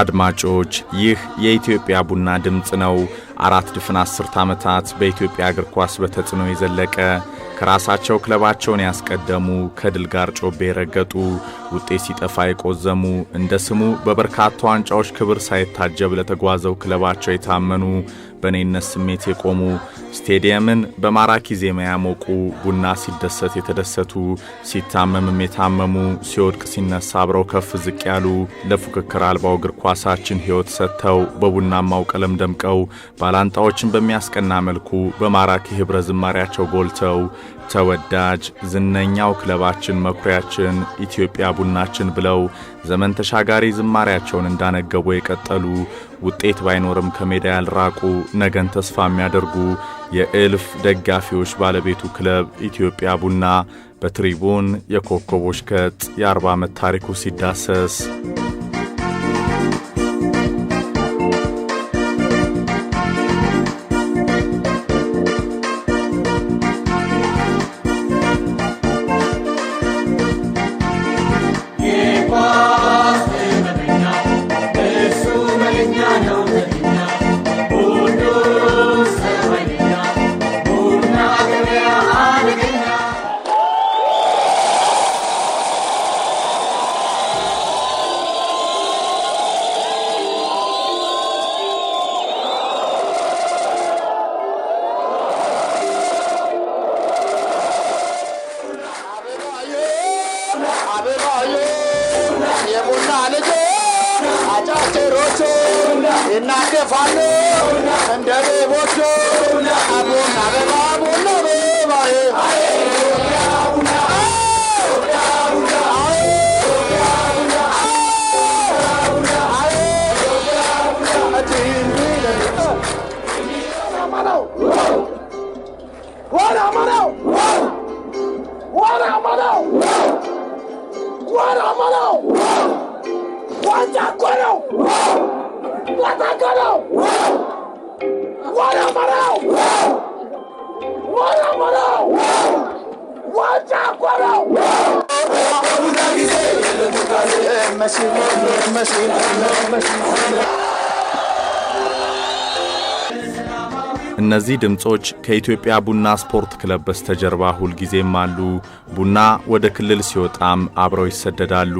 አድማጮች ይህ የኢትዮጵያ ቡና ድምፅ ነው። አራት ድፍን አስርት ዓመታት በኢትዮጵያ እግር ኳስ በተጽዕኖ የዘለቀ ከራሳቸው ክለባቸውን ያስቀደሙ ከድል ጋር ጮቤ የረገጡ ውጤት ሲጠፋ የቆዘሙ እንደ ስሙ በበርካታ ዋንጫዎች ክብር ሳይታጀብ ለተጓዘው ክለባቸው የታመኑ በእኔነት ስሜት የቆሙ ስቴዲየምን በማራኪ ዜማ ያሞቁ፣ ቡና ሲደሰት የተደሰቱ፣ ሲታመምም የታመሙ፣ ሲወድቅ ሲነሳ አብረው ከፍ ዝቅ ያሉ፣ ለፉክክር አልባው እግር ኳሳችን ሕይወት ሰጥተው በቡናማው ቀለም ደምቀው ባላንጣዎችን በሚያስቀና መልኩ በማራኪ ኅብረ ዝማሪያቸው ጎልተው ተወዳጅ ዝነኛው ክለባችን መኩሪያችን ኢትዮጵያ ቡናችን ብለው ዘመን ተሻጋሪ ዝማሪያቸውን እንዳነገቡ የቀጠሉ ውጤት ባይኖርም ከሜዳ ያልራቁ ነገን ተስፋ የሚያደርጉ የእልፍ ደጋፊዎች ባለቤቱ ክለብ ኢትዮጵያ ቡና በትሪቡን የኮከቦች ገጽ የአርባ ዓመት ታሪኩ ሲዳሰስ እነዚህ ድምጾች ከኢትዮጵያ ቡና ስፖርት ክለብ በስተጀርባ ሁልጊዜም አሉ። ቡና ወደ ክልል ሲወጣም አብረው ይሰደዳሉ።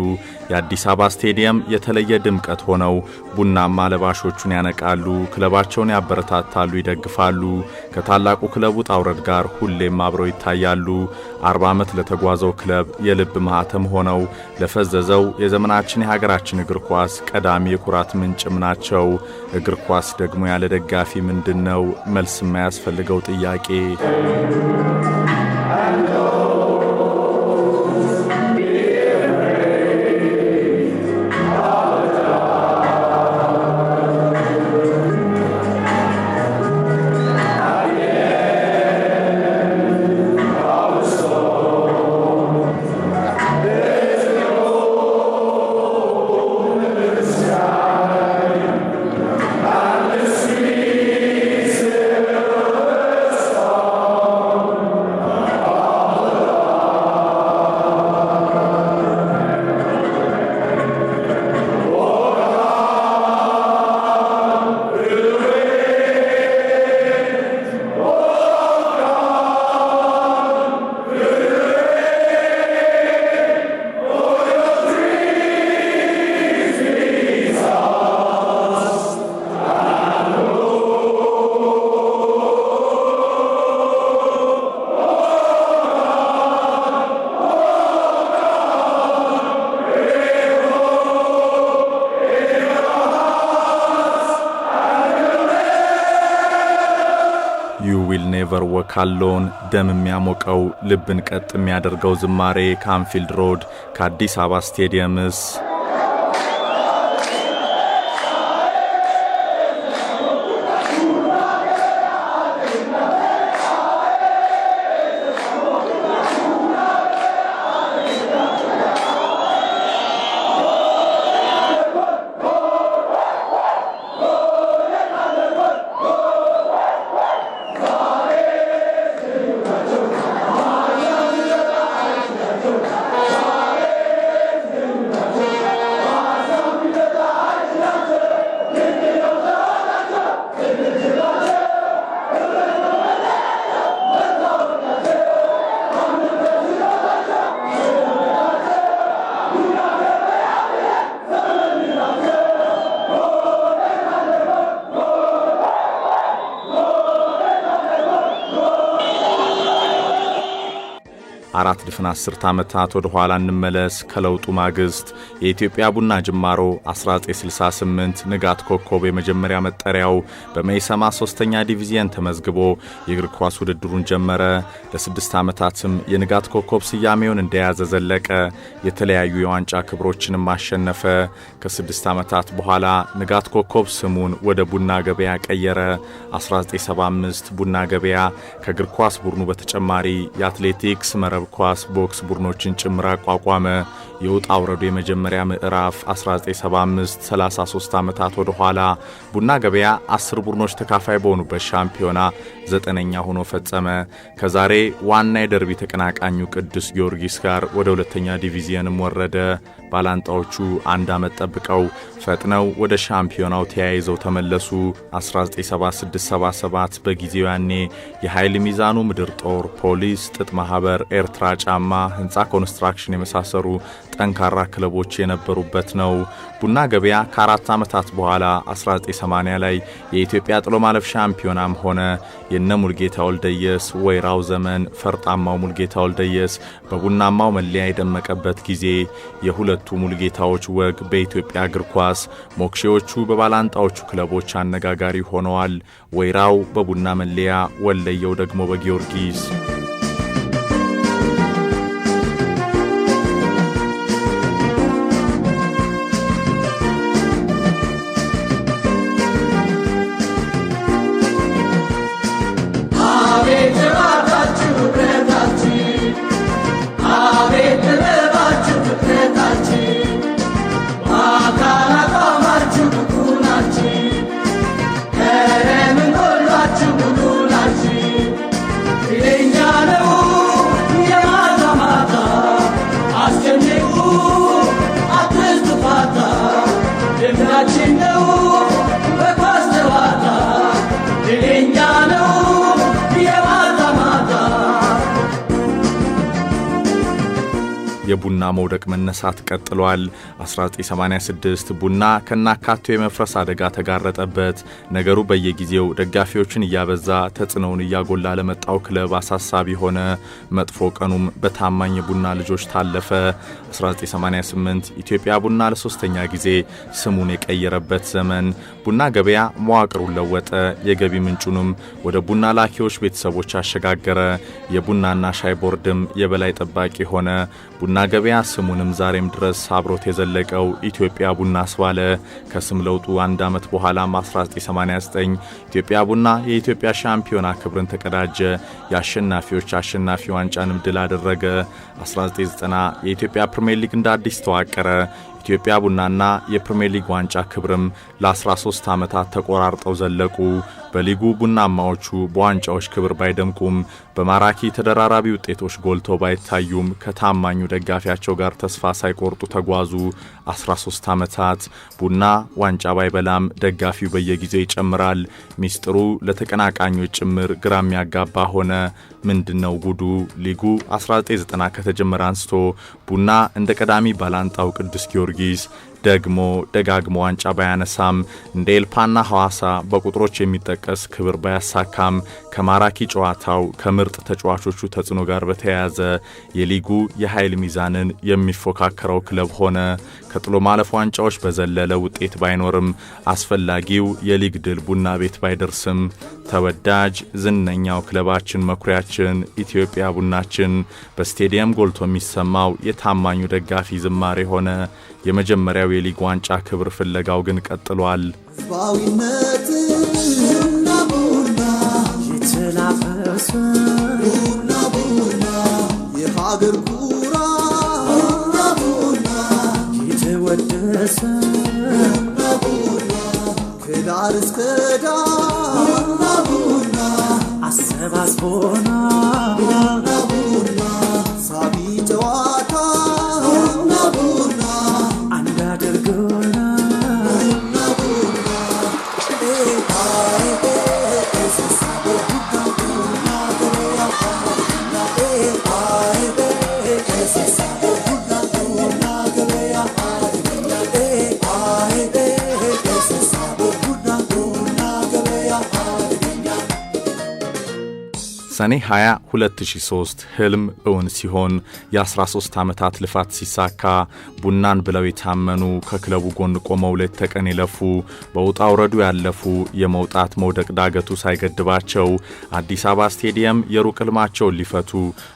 የአዲስ አበባ ስቴዲየም የተለየ ድምቀት ሆነው ቡናማ ለባሾቹን ያነቃሉ፣ ክለባቸውን ያበረታታሉ፣ ይደግፋሉ። ከታላቁ ክለብ ውጣ ውረድ ጋር ሁሌም አብረው ይታያሉ። አርባ ዓመት ለተጓዘው ክለብ የልብ ማህተም ሆነው ለፈዘዘው የዘመናችን የሀገራችን እግር ኳስ ቀዳሚ የኩራት ምንጭም ናቸው። እግር ኳስ ደግሞ ያለ ደጋፊ ምንድን ነው? መልስ የማያስፈልገው ጥያቄ በርወ ካለውን ደም የሚያሞቀው ልብን ቀጥ የሚያደርገው ዝማሬ ከአንፊልድ ሮድ ከአዲስ አበባ ስቴዲየምስ আর ከአራት ድፍን አስርት ዓመታት ወደ ኋላ እንመለስ። ከለውጡ ማግስት የኢትዮጵያ ቡና ጅማሮ 1968 ንጋት ኮከብ የመጀመሪያ መጠሪያው በመይሰማ ሶስተኛ ዲቪዚየን ተመዝግቦ የእግር ኳስ ውድድሩን ጀመረ። ለስድስት ዓመታትም የንጋት ኮከብ ስያሜውን እንደያዘ ዘለቀ። የተለያዩ የዋንጫ ክብሮችንም አሸነፈ። ከስድስት ዓመታት በኋላ ንጋት ኮከብ ስሙን ወደ ቡና ገበያ ቀየረ። 1975 ቡና ገበያ ከእግር ኳስ ቡድኑ በተጨማሪ የአትሌቲክስ መረብ ኳስ ኳስ፣ ቦክስ ቡድኖችን ጭምር አቋቋመ። የውጣ ውረዱ የመጀመሪያ ምዕራፍ 1975 33 ዓመታት ወደ ኋላ ቡና ገበያ 10 ቡድኖች ተካፋይ በሆኑበት ሻምፒዮና ዘጠነኛ ሆኖ ፈጸመ። ከዛሬ ዋና የደርቢ ተቀናቃኙ ቅዱስ ጊዮርጊስ ጋር ወደ ሁለተኛ ዲቪዚየንም ወረደ። ባላንጣዎቹ አንድ ዓመት ጠብቀው ፈጥነው ወደ ሻምፒዮናው ተያይዘው ተመለሱ። 197677 በጊዜው ያኔ የኃይል ሚዛኑ ምድር ጦር፣ ፖሊስ፣ ጥጥ ማህበር፣ ኤርትራ ጫማ፣ ህንፃ ኮንስትራክሽን የመሳሰሉ ጠንካራ ክለቦች የነበሩበት ነው። ቡና ገበያ ከአራት ዓመታት በኋላ 1980 ላይ የኢትዮጵያ ጥሎ ማለፍ ሻምፒዮናም ሆነ። የነ ሙልጌታ ወልደየስ ወይራው ዘመን፣ ፈርጣማው ሙልጌታ ወልደየስ በቡናማው መለያ የደመቀበት ጊዜ የሁለቱ ሙልጌታዎች ወግ በኢትዮጵያ እግር ኳስ ሞክሼዎቹ በባላንጣዎቹ ክለቦች አነጋጋሪ ሆነዋል። ወይራው በቡና መለያ፣ ወለየው ደግሞ በጊዮርጊስ የቡና መውደቅ መነሳት ቀጥሏል። 1986 ቡና ከናካቴው የመፍረስ አደጋ ተጋረጠበት። ነገሩ በየጊዜው ደጋፊዎችን እያበዛ ተጽዕኖውን እያጎላ ለመጣው ክለብ አሳሳቢ ሆነ። መጥፎ ቀኑም በታማኝ የቡና ልጆች ታለፈ። 1988 ኢትዮጵያ ቡና ለሶስተኛ ጊዜ ስሙን የቀየረበት ዘመን ቡና ገበያ መዋቅሩን ለወጠ። የገቢ ምንጩንም ወደ ቡና ላኪዎች ቤተሰቦች አሸጋገረ። የቡናና ሻይ ቦርድም የበላይ ጠባቂ ሆነ። ቡና ገበያ ስሙንም ዛሬም ድረስ አብሮት የዘለቀው ኢትዮጵያ ቡና ስባለ። ከስም ለውጡ አንድ ዓመት በኋላ 1989 ኢትዮጵያ ቡና የኢትዮጵያ ሻምፒዮና ክብርን ተቀዳጀ። የአሸናፊዎች አሸናፊ ዋንጫንም ድል አደረገ። 1990 የኢትዮጵያ ፕሪምየር ሊግ እንደ አዲስ ተዋቀረ። ኢትዮጵያ ቡናና የፕሪምየር ሊግ ዋንጫ ክብርም ለ13 ዓመታት ተቆራርጠው ዘለቁ። በሊጉ ቡናማዎቹ በዋንጫዎች ክብር ባይደምቁም በማራኪ ተደራራቢ ውጤቶች ጎልተው ባይታዩም ከታማኙ ደጋፊያቸው ጋር ተስፋ ሳይቆርጡ ተጓዙ። 13 ዓመታት ቡና ዋንጫ ባይበላም ደጋፊው በየጊዜው ይጨምራል። ሚስጥሩ ለተቀናቃኞች ጭምር ግራ የሚያጋባ ሆነ። ምንድነው ጉዱ? ሊጉ 1990 ከተጀመረ አንስቶ ቡና እንደ ቀዳሚ ባላንጣው ቅዱስ ጊዮርጊስ ደግሞ ደጋግሞ ዋንጫ ባያነሳም እንደ ኤልፓና ሐዋሳ በቁጥሮች የሚጠቀስ ክብር ባያሳካም ከማራኪ ጨዋታው ከምርጥ ተጫዋቾቹ ተጽዕኖ ጋር በተያያዘ የሊጉ የኃይል ሚዛንን የሚፎካከረው ክለብ ሆነ። ከጥሎ ማለፍ ዋንጫዎች በዘለለ ውጤት ባይኖርም አስፈላጊው የሊግ ድል ቡና ቤት ባይደርስም ተወዳጅ ዝነኛው ክለባችን መኩሪያችን ኢትዮጵያ ቡናችን በስቴዲየም ጎልቶ የሚሰማው የታማኙ ደጋፊ ዝማሬ ሆነ። የመጀመሪያው የሊግ ዋንጫ ክብር ፍለጋው ግን ቀጥሏል። ቡና ቡና አልደረሰም ከዳር እስከ ዳር አሰባስቦና ሰኔ 20 2003 ህልም እውን ሲሆን የ13 ዓመታት ልፋት ሲሳካ ቡናን ብለው የታመኑ ከክለቡ ጎን ቆመው ሌት ተቀን የለፉ በውጣ ውረዱ ያለፉ የመውጣት መውደቅ ዳገቱ ሳይገድባቸው አዲስ አበባ ስቴዲየም የሩቅ ህልማቸውን ሊፈቱ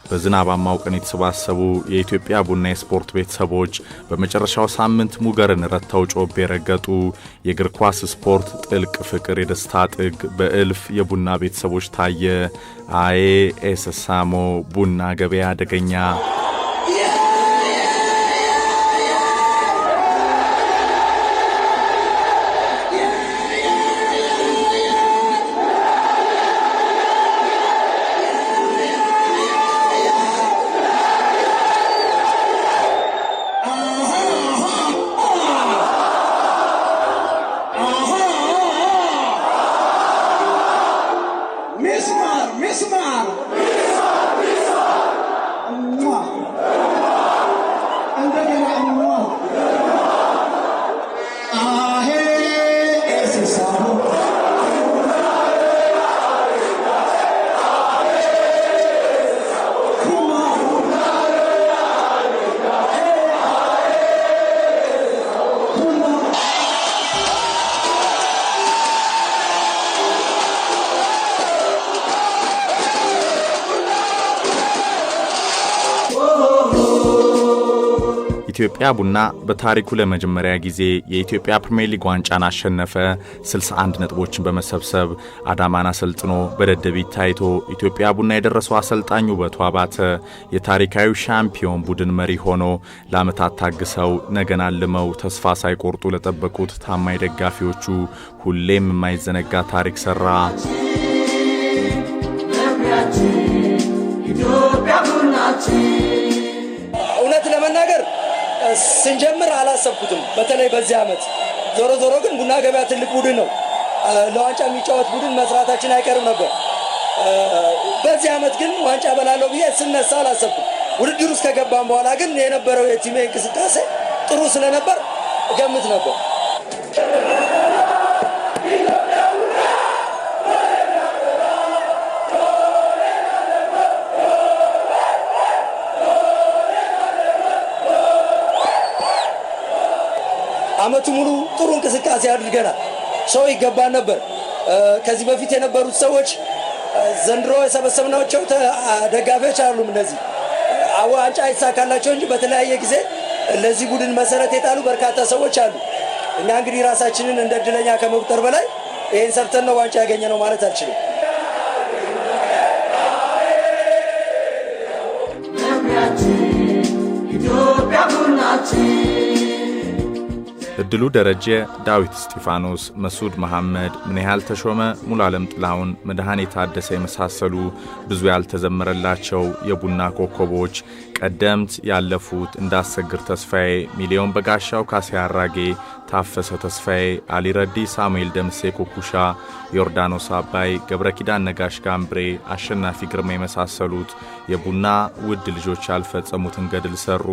በዝናባማው ቀን የተሰባሰቡ የኢትዮጵያ ቡና የስፖርት ቤተሰቦች በመጨረሻው ሳምንት ሙገርን ረተው ጮቤ ረገጡ። የእግር ኳስ ስፖርት ጥልቅ ፍቅር፣ የደስታ ጥግ በእልፍ የቡና ቤተሰቦች ታየ። አዬ ኤስሳሞ ቡና ገበያ አደገኛ ኢትዮጵያ ቡና በታሪኩ ለመጀመሪያ ጊዜ የኢትዮጵያ ፕሪምየር ሊግ ዋንጫን አሸነፈ። 61 ነጥቦችን በመሰብሰብ አዳማን አሰልጥኖ በደደቢት ታይቶ ኢትዮጵያ ቡና የደረሰው አሰልጣኝ ውበቱ አባተ የታሪካዊ ሻምፒዮን ቡድን መሪ ሆኖ ለዓመታት ታግሰው ነገን አልመው ተስፋ ሳይቆርጡ ለጠበቁት ታማኝ ደጋፊዎቹ ሁሌም የማይዘነጋ ታሪክ ሰራ። አላሰብኩትም፣ በተለይ በዚህ ዓመት። ዞሮ ዞሮ ግን ቡና ገበያ ትልቅ ቡድን ነው፣ ለዋንጫ የሚጫወት ቡድን መስራታችን አይቀርም ነበር። በዚህ ዓመት ግን ዋንጫ በላለው ብዬ ስነሳ አላሰብኩም። ውድድር ውስጥ ከገባም በኋላ ግን የነበረው የቲሜ እንቅስቃሴ ጥሩ ስለነበር ገምት ነበር። አመቱ ሙሉ ጥሩ እንቅስቃሴ አድርገናል። ሰው ይገባን ነበር። ከዚህ በፊት የነበሩት ሰዎች ዘንድሮ የሰበሰብናቸው ደጋፊዎች አሉም እነዚህ ዋንጫ ይሳካላቸው እንጂ በተለያየ ጊዜ ለዚህ ቡድን መሰረት የጣሉ በርካታ ሰዎች አሉ። እኛ እንግዲህ ራሳችንን እንደ እድለኛ ከመቁጠር በላይ ይህን ሰርተን ነው ዋንጫ ያገኘ ነው ማለት አልችልም። ድሉ ደረጀ፣ ዳዊት እስጢፋኖስ፣ መሱድ መሐመድ፣ ምን ያህል ተሾመ፣ ሙሉ ጥላሁን፣ መድኃኔ ታደሰ የመሳሰሉ ብዙ ያልተዘመረላቸው የቡና ኮከቦች ቀደምት ያለፉት እንዳሰግር ተስፋዬ፣ ሚሊዮን በጋሻው፣ ካሴ አራጌ፣ ታፈሰ ተስፋዬ፣ አሊረዲ፣ ሳሙኤል ደምሴ ኩኩሻ፣ ዮርዳኖስ አባይ፣ ገብረ ኪዳን ነጋሽ ጋምብሬ፣ አሸናፊ ግርማ የመሳሰሉት የቡና ውድ ልጆች ያልፈጸሙትን ገድል ሰሩ።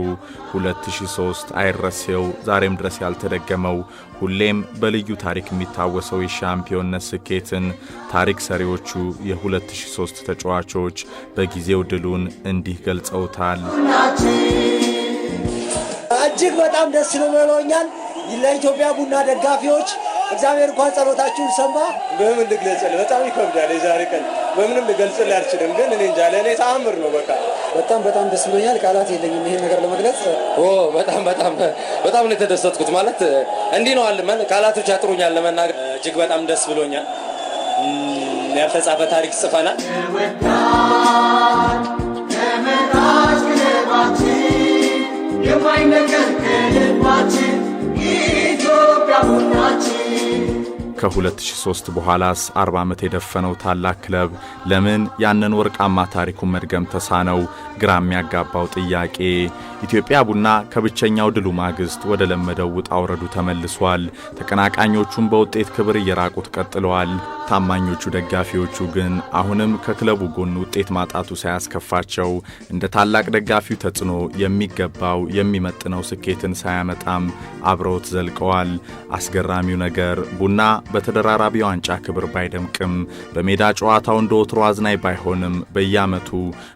2003 አይረሴው ዛሬም ድረስ ያልተደገ የተደገመው ሁሌም በልዩ ታሪክ የሚታወሰው የሻምፒዮንነት ስኬትን ታሪክ ሰሪዎቹ የ2003 ተጫዋቾች በጊዜው ድሉን እንዲህ ገልጸውታል። እጅግ በጣም ደስ ብሎኛል። ለኢትዮጵያ ቡና ደጋፊዎች እግዚአብሔር እንኳን ጸሎታችሁን ሰማ። በምን ልግለጽልህ? በጣም ይከብዳል። የዛሬ ቀን በምንም ልገልጽልህ አልችልም፣ ግን እኔ እንጃ ለእኔ ተአምር ነው። በቃ በጣም በጣም ደስ ብሎኛል። ቃላት የለኝም ይሄን ነገር ለመግለጽ። በጣም በጣም በጣም ነው የተደሰትኩት። ማለት እንዲህ ነው አለ ቃላቶች አጥሩኛል ለመናገር። እጅግ በጣም ደስ ብሎኛል። ያልተጻፈ ታሪክ ጽፈናል። የማይነገር ኢትዮጵያ ሁናችን ከ2003 በኋላስ 40 ዓመት የደፈነው ታላቅ ክለብ ለምን ያንን ወርቃማ ታሪኩን መድገም ተሳነው? ግራ የሚያጋባው ጥያቄ። ኢትዮጵያ ቡና ከብቸኛው ድሉ ማግስት ወደ ለመደው ውጣ ውረዱ ተመልሷል። ተቀናቃኞቹም በውጤት ክብር እየራቁት ቀጥለዋል። ታማኞቹ ደጋፊዎቹ ግን አሁንም ከክለቡ ጎን ውጤት ማጣቱ ሳያስከፋቸው እንደ ታላቅ ደጋፊው ተጽዕኖ የሚገባው የሚመጥነው ስኬትን ሳያመጣም አብረውት ዘልቀዋል። አስገራሚው ነገር ቡና በተደራራቢ ዋንጫ ክብር ባይደምቅም በሜዳ ጨዋታው እንደ ወትሮ አዝናይ ባይሆንም በየዓመቱ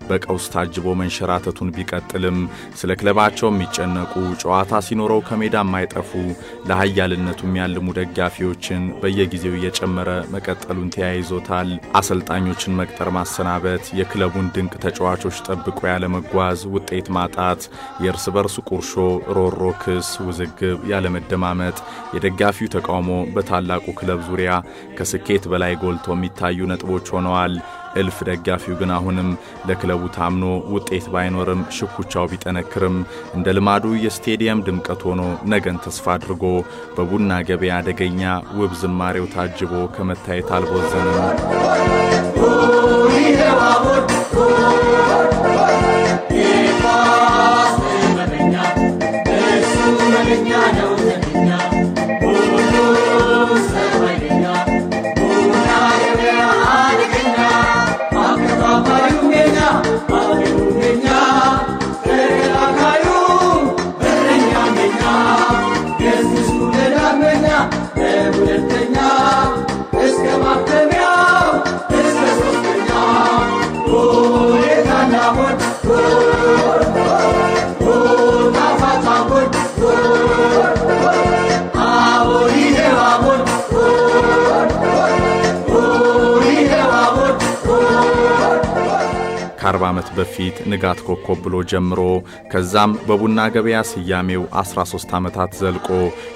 በቀውስ ታጅቦ መንሸራተቱን ቢቀጥልም ስለ ክለባቸው የሚጨነቁ ጨዋታ ሲኖረው ከሜዳ የማይጠፉ ለሀያልነቱ የሚያልሙ ደጋፊዎችን በየጊዜው እየጨመረ መቀጠሉን ተያይዞታል። አሰልጣኞችን መቅጠር ማሰናበት፣ የክለቡን ድንቅ ተጫዋቾች ጠብቆ ያለመጓዝ፣ ውጤት ማጣት፣ የእርስ በርስ ቁርሾ፣ ሮሮ ክስ፣ ውዝግብ፣ ያለመደማመጥ፣ የደጋፊው ተቃውሞ በታላቁ ክለብ ዙሪያ ከስኬት በላይ ጎልቶ የሚታዩ ነጥቦች ሆነዋል። እልፍ ደጋፊው ግን አሁንም ለክለቡ ታምኖ ውጤት ባይኖርም ሽኩቻው ቢጠነክርም እንደ ልማዱ የስቴዲየም ድምቀት ሆኖ ነገን ተስፋ አድርጎ በቡና ገበያ አደገኛ ውብ ዝማሬው ታጅቦ ከመታየት አልቦዘንም። ነው በፊት ንጋት ኮከብ ብሎ ጀምሮ ከዛም በቡና ገበያ ስያሜው 13 ዓመታት ዘልቆ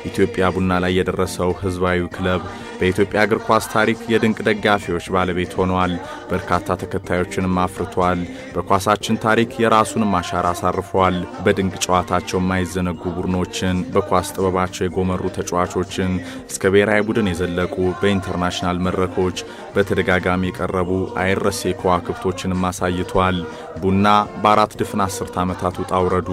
ኢትዮጵያ ቡና ላይ የደረሰው ህዝባዊ ክለብ በኢትዮጵያ እግር ኳስ ታሪክ የድንቅ ደጋፊዎች ባለቤት ሆኗል። በርካታ ተከታዮችንም አፍርቷል። በኳሳችን ታሪክ የራሱንም አሻራ አሳርፏል። በድንቅ ጨዋታቸው የማይዘነጉ ቡድኖችን፣ በኳስ ጥበባቸው የጎመሩ ተጫዋቾችን እስከ ብሔራዊ ቡድን የዘለቁ በኢንተርናሽናል መድረኮች በተደጋጋሚ የቀረቡ አይረሴ ከዋክብቶችንም አሳይቷል። ቡና በአራት ድፍን አስርት ዓመታት ውጣ ውረዱ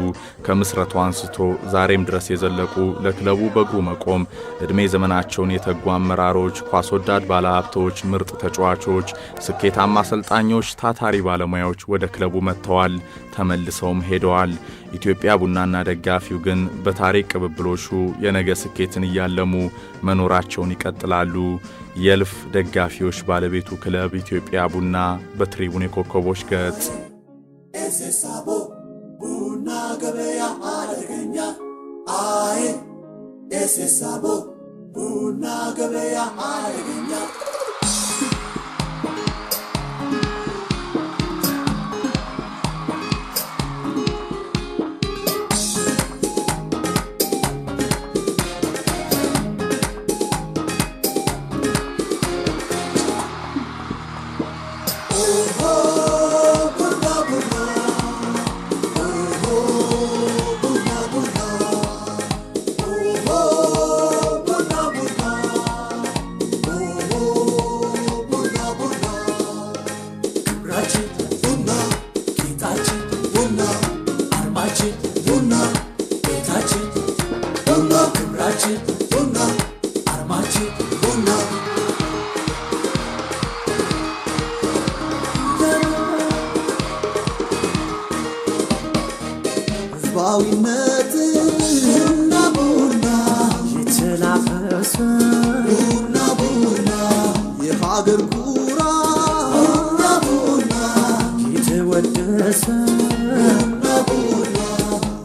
ከምስረቱ አንስቶ ዛሬም ድረስ የዘለቁ ለክለቡ በእግሩ መቆም ዕድሜ ዘመናቸውን የተጉ አመራሮች፣ ኳስ ወዳድ ባለሀብቶች፣ ምርጥ ተጫዋቾች፣ ስኬታማ አሰልጣኞች፣ ታታሪ ባለሙያዎች ወደ ክለቡ መጥተዋል፣ ተመልሰውም ሄደዋል። ኢትዮጵያ ቡናና ደጋፊው ግን በታሪክ ቅብብሎሹ የነገ ስኬትን እያለሙ መኖራቸውን ይቀጥላሉ። የእልፍ ደጋፊዎች ባለቤቱ ክለብ ኢትዮጵያ ቡና በትሪቡን የኮከቦች ገጽ ሴሳ ቡና ገበያ አደገኛ አይ ኤሴሳቦ ቡና ገበያ አደርገኛል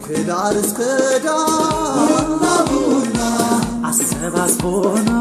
ከዳር እስከ ዳር አሰባስቦና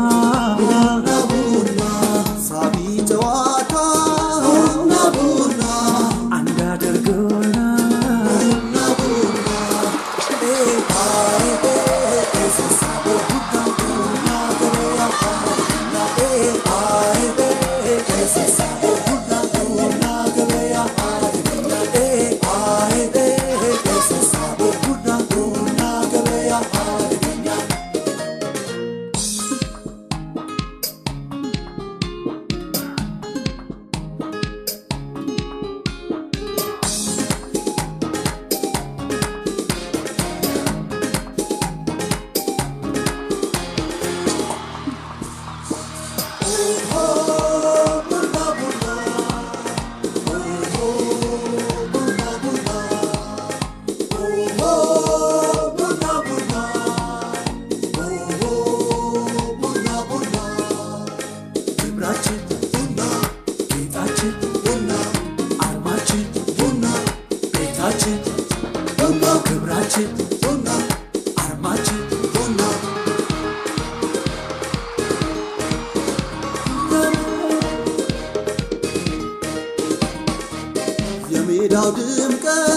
ዳግም ቀ